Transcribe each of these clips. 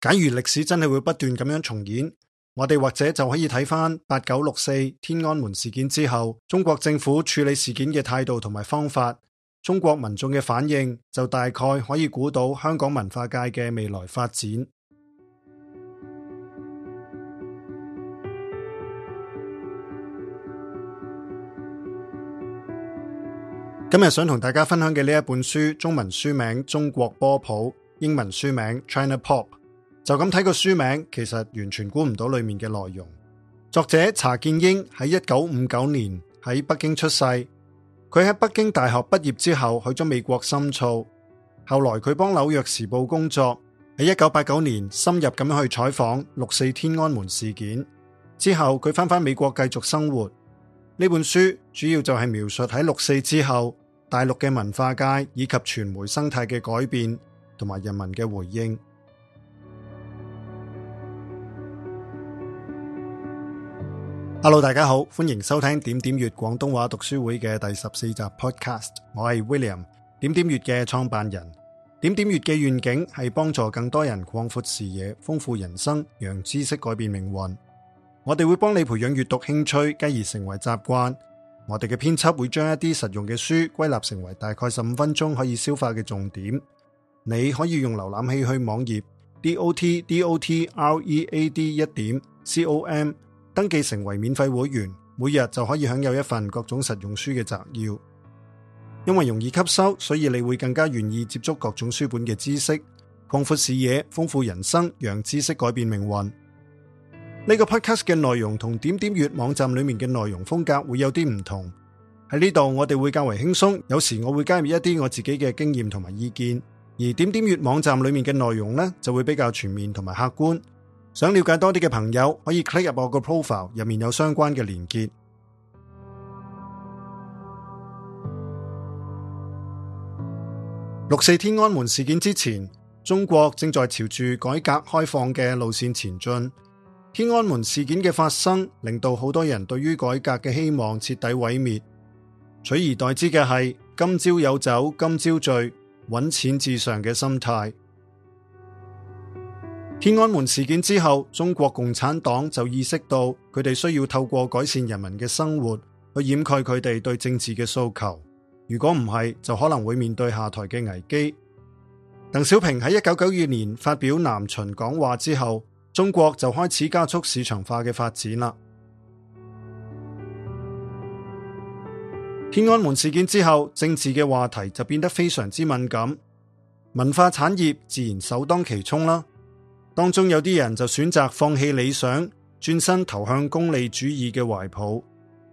假如歷史真係會不斷咁樣重演，我哋或者就可以睇翻八九六四天安門事件之後，中國政府處理事件嘅態度同埋方法，中國民眾嘅反應，就大概可以估到香港文化界嘅未來發展。今日想同大家分享嘅呢一本書，中文書名《中國波普》，英文書名《China Pop》。就咁睇個書名，其實完全估唔到裏面嘅內容。作者查建英喺一九五九年喺北京出世，佢喺北京大學畢業之後去咗美國深造，後來佢幫紐約時報工作。喺一九八九年深入咁去採訪六四天安門事件之後，佢翻返美國繼續生活。呢本書主要就係描述喺六四之後大陸嘅文化界以及傳媒生態嘅改變，同埋人民嘅回應。hello，大家好，歡迎收聽點點粵廣東話讀書會嘅第十四集 podcast，我係 William，點點閱嘅創辦人。點點閱嘅願景係幫助更多人擴闊視野、豐富人生，讓知識改變命運。我哋會幫你培養閱讀興趣，繼而成為習慣。我哋嘅編輯會將一啲實用嘅書歸納成為大概十五分鐘可以消化嘅重點。你可以用瀏覽器去網頁 dot dot read 一點 com。D o T, 登記成為免費會員，每日就可以享有一份各種實用書嘅摘要。因為容易吸收，所以你會更加願意接觸各種書本嘅知識，擴闊視野，豐富人生，讓知識改變命運。呢個 podcast 嘅內容同點點閱網站裏面嘅內容風格會有啲唔同。喺呢度，我哋會較為輕鬆，有時我會加入一啲我自己嘅經驗同埋意見，而點點閱網站裏面嘅內容呢，就會比較全面同埋客觀。想了解多啲嘅朋友，可以 click 入我個 profile，入面有相關嘅連結。六四天安門事件之前，中國正在朝住改革開放嘅路線前進。天安門事件嘅發生，令到好多人對於改革嘅希望徹底毀滅。取而代之嘅係今朝有酒今朝醉，揾錢至上嘅心態。天安門事件之後，中國共產黨就意識到佢哋需要透過改善人民嘅生活去掩蓋佢哋對政治嘅訴求。如果唔係，就可能會面對下台嘅危機。鄧小平喺一九九二年發表南巡講話之後，中國就開始加速市場化嘅發展啦。天安門事件之後，政治嘅話題就變得非常之敏感，文化產業自然首當其衝啦。當中有啲人就選擇放棄理想，轉身投向功利主義嘅懷抱；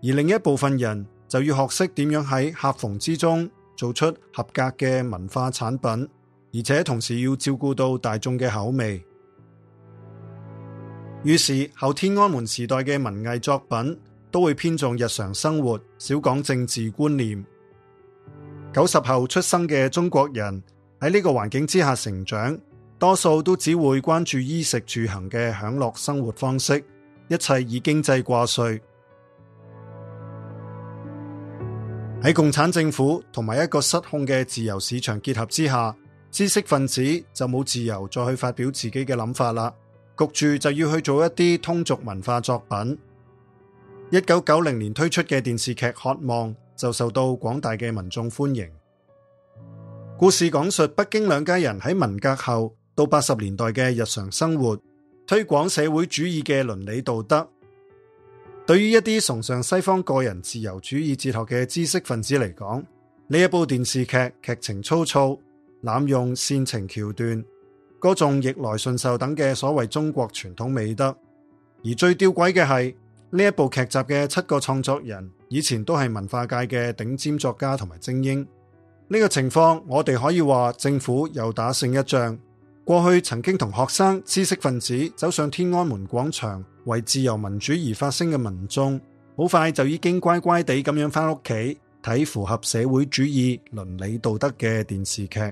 而另一部分人就要學識點樣喺夾縫之中做出合格嘅文化產品，而且同時要照顧到大眾嘅口味。於是，後天安門時代嘅文藝作品都會偏重日常生活，少講政治觀念。九十後出生嘅中國人喺呢個環境之下成長。多數都只會關注衣食住行嘅享樂生活方式，一切以經濟掛帥。喺共產政府同埋一個失控嘅自由市場結合之下，知識分子就冇自由再去發表自己嘅諗法啦，焗住就要去做一啲通俗文化作品。一九九零年推出嘅電視劇《渴望》就受到廣大嘅民眾歡迎。故事講述北京兩家人喺文革後，到八十年代嘅日常生活，推廣社會主義嘅倫理道德。對於一啲崇尚西方個人自由主義哲學嘅知識分子嚟講，呢一部電視劇劇情粗糙，濫用煽情橋段，歌頌逆來順受等嘅所謂中國傳統美德。而最吊詭嘅係，呢一部劇集嘅七個創作人以前都係文化界嘅頂尖作家同埋精英。呢、呢個情況，我哋可以話政府又打勝一仗。過去曾經同學生、知識分子走上天安門廣場為自由民主而發聲嘅民眾，好快就已經乖乖地咁樣翻屋企睇符合社會主義倫理道德嘅電視劇，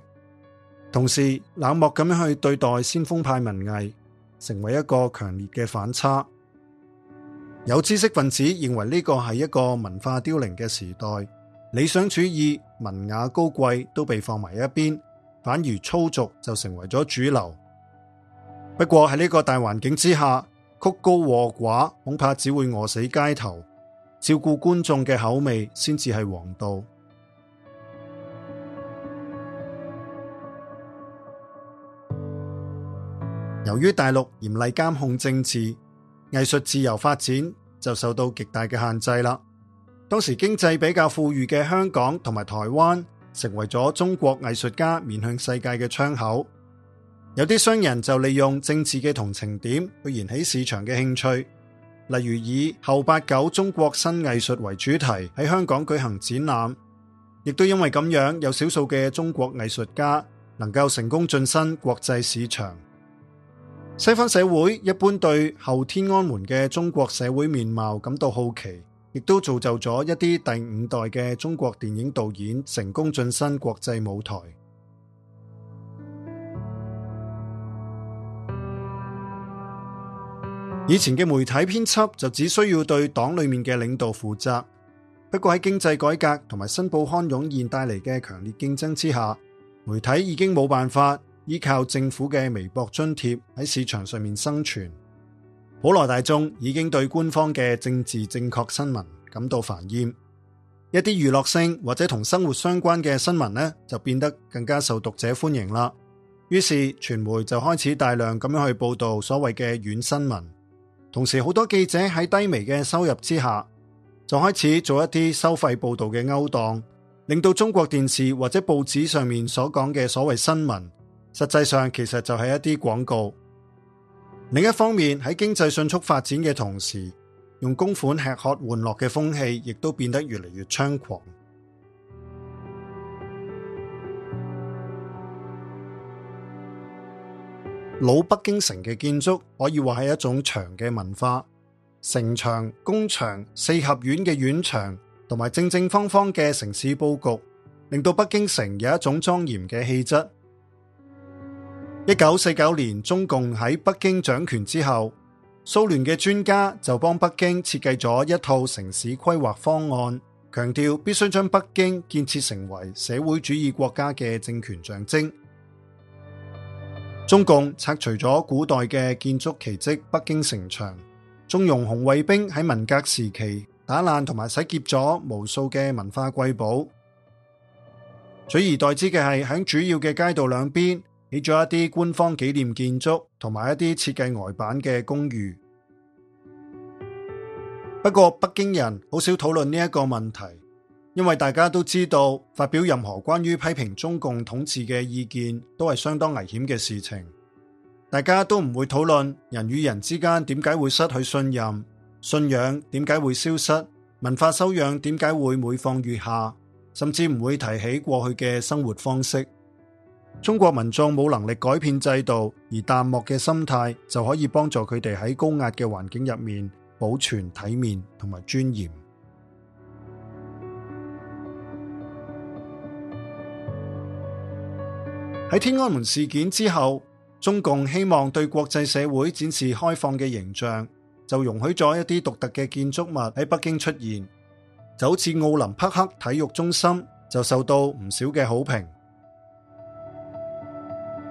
同時冷漠咁樣去對待先鋒派文藝，成為一個強烈嘅反差。有知識分子認為呢個係一個文化凋零嘅時代，理想主義、文雅高貴都被放埋一邊。反而粗俗就成為咗主流。不過喺呢個大環境之下，曲高和寡恐怕只會餓死街頭。照顧觀眾嘅口味先至係王道。 由於大陸嚴厲監控政治，藝術自由發展就受到極大嘅限制啦。當時經濟比較富裕嘅香港同埋台灣，成為咗中國藝術家面向世界嘅窗口。有啲商人就利用政治嘅同情點去燃起市場嘅興趣，例如以後八九中國新藝術為主題喺香港舉行展覽，亦都因為咁樣，有少數嘅中國藝術家能夠成功晉身國際市場。西方社會一般對後天安門嘅中國社會面貌感到好奇。亦都造就咗一啲第五代嘅中國電影導演成功晉身國際舞台。以前嘅媒體編輯就只需要對黨裏面嘅領導負責，不過喺經濟改革同埋新報刊湧現帶嚟嘅強烈競爭之下，媒體已經冇辦法依靠政府嘅微薄津貼喺市場上面生存。普羅大眾已經對官方嘅政治正確新聞感到煩厭，一啲娛樂性或者同生活相關嘅新聞呢，就變得更加受讀者歡迎啦。於是傳媒就開始大量咁樣去報道所謂嘅軟新聞，同時好多記者喺低微嘅收入之下，就開始做一啲收費報道嘅勾當，令到中國電視或者報紙上面所講嘅所謂新聞，實際上其實就係一啲廣告。另一方面，喺經濟迅速發展嘅同時，用公款吃喝玩樂嘅風氣亦都變得越嚟越猖狂。老北京城嘅建築可以話係一種長嘅文化，城牆、宮牆、四合院嘅院牆同埋正正方方嘅城市佈局，令到北京城有一種莊嚴嘅氣質。一九四九年，中共喺北京掌權之後，蘇聯嘅專家就幫北京設計咗一套城市規劃方案，強調必須將北京建設成為社會主義國家嘅政權象徵。中共拆除咗古代嘅建築奇蹟北京城牆，縱容紅衛兵喺文革時期打爛同埋洗劫咗無數嘅文化瑰寶，取而代之嘅係響主要嘅街道兩邊。起咗一啲官方紀念建築，同埋一啲設計呆板嘅公寓。不過北京人好少討論呢一個問題，因為大家都知道，發表任何關於批評中共統治嘅意見都係相當危險嘅事情。大家都唔會討論人與人之間點解會失去信任、信仰，點解會消失、文化修養點解會每況愈下，甚至唔會提起過去嘅生活方式。中國民眾冇能力改變制度，而淡漠嘅心態就可以幫助佢哋喺高壓嘅環境入面保存體面同埋尊嚴。喺 天安門事件之後，中共希望對國際社會展示開放嘅形象，就容許咗一啲獨特嘅建築物喺北京出現，就好似奧林匹克體育中心，就受到唔少嘅好評。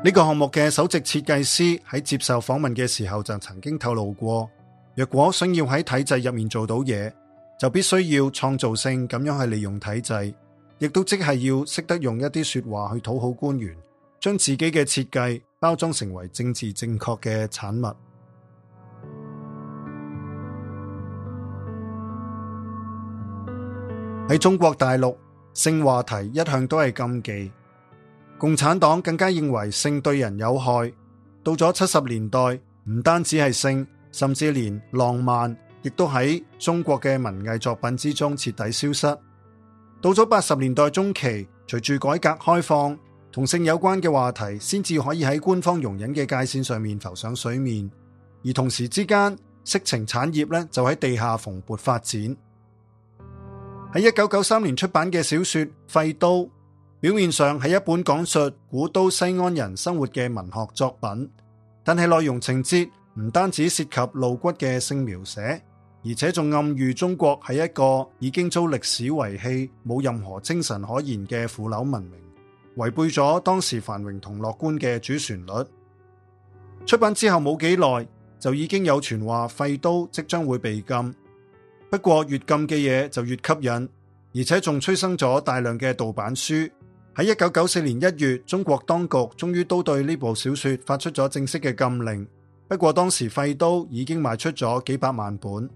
呢個項目嘅首席設計師喺接受訪問嘅時候就曾經透露過，若果想要喺體制入面做到嘢，就必須要創造性咁樣去利用體制，亦都即係要識得用一啲說話去討好官員，將自己嘅設計包裝成為政治正確嘅產物。喺中國大陸，性話題一向都係禁忌。共產黨更加認為性對人有害。到咗七十年代，唔單止係性，甚至連浪漫，亦都喺中國嘅文藝作品之中徹底消失。到咗八十年代中期，隨住改革開放，同性有關嘅話題先至可以喺官方容忍嘅界綫上面浮上水面，而同時之間，色情產業咧就喺地下蓬勃發展。喺一九九三年出版嘅小說《廢都》。表面上係一本講述古都西安人生活嘅文學作品，但係內容情節唔單止涉及露骨嘅性描寫，而且仲暗喻中國係一個已經遭歷史遺棄、冇任何精神可言嘅腐朽文明，違背咗當時繁榮同樂觀嘅主旋律。出版之後冇幾耐就已經有傳話廢都即將會被禁，不過越禁嘅嘢就越吸引，而且仲催生咗大量嘅盜版書。喺一九九四年一月，中國當局終於都對呢部小說發出咗正式嘅禁令。不過當時廢都已經賣出咗幾百萬本。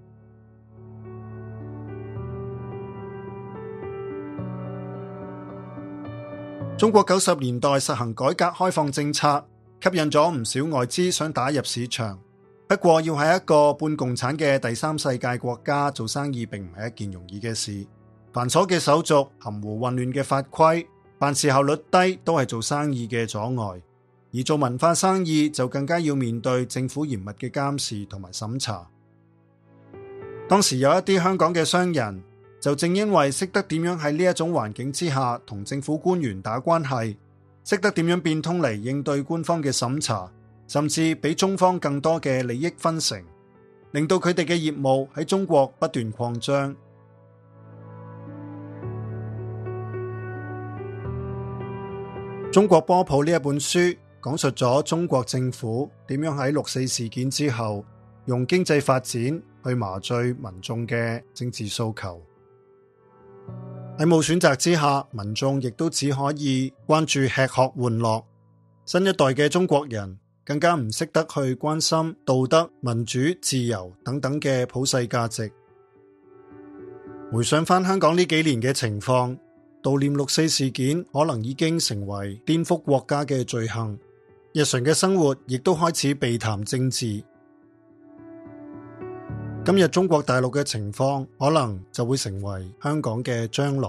中國九十年代實行改革開放政策，吸引咗唔少外資想打入市場。不過要喺一個半共產嘅第三世界國家做生意，並唔係一件容易嘅事。繁瑣嘅手續、含糊混亂嘅法規。辦事效率低都係做生意嘅阻礙，而做文化生意就更加要面對政府嚴密嘅監視同埋審查。當時有一啲香港嘅商人，就正因為識得點樣喺呢一種環境之下同政府官員打關係，識得點樣變通嚟應對官方嘅審查，甚至畀中方更多嘅利益分成，令到佢哋嘅業務喺中國不斷擴張。中國波普呢一本書講述咗中國政府點樣喺六四事件之後，用經濟發展去麻醉民眾嘅政治訴求。喺冇選擇之下，民眾亦都只可以關注吃喝玩樂。新一代嘅中國人更加唔識得去關心道德、民主、自由等等嘅普世價值。回想返香港呢幾年嘅情況。悼念六四事件可能已經成為顛覆國家嘅罪行，日常嘅生活亦都開始避談政治。今日中國大陸嘅情況，可能就會成為香港嘅將來。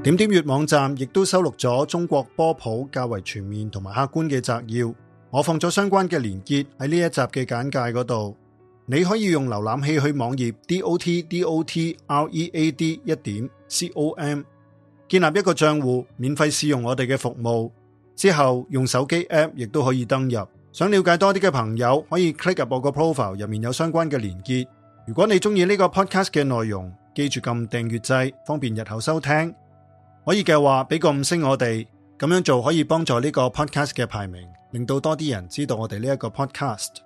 點點閱網站亦都收錄咗中國波普較為全面同埋客觀嘅摘要，我放咗相關嘅連結喺呢一集嘅簡介嗰度。你可以用瀏覽器去網頁 dot dot read 一點 com 建立一個賬戶，免費試用我哋嘅服務之後，用手機 app 亦都可以登入。想了解多啲嘅朋友可以 click 入我個 profile 入面有相關嘅連結。如果你中意呢個 podcast 嘅內容，記住撳訂閱掣，方便日後收聽。可以嘅話，俾個五星我哋，咁樣做可以幫助呢個 podcast 嘅排名，令到多啲人知道我哋呢一個 podcast。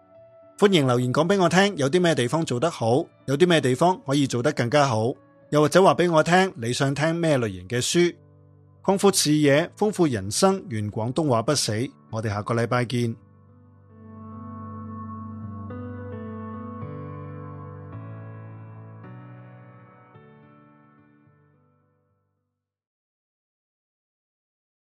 歡迎留言講俾我聽，有啲咩地方做得好，有啲咩地方可以做得更加好，又或者話俾我聽你想聽咩類型嘅書，擴闊視野，豐富人生，願廣東話不死。我哋下個禮拜見。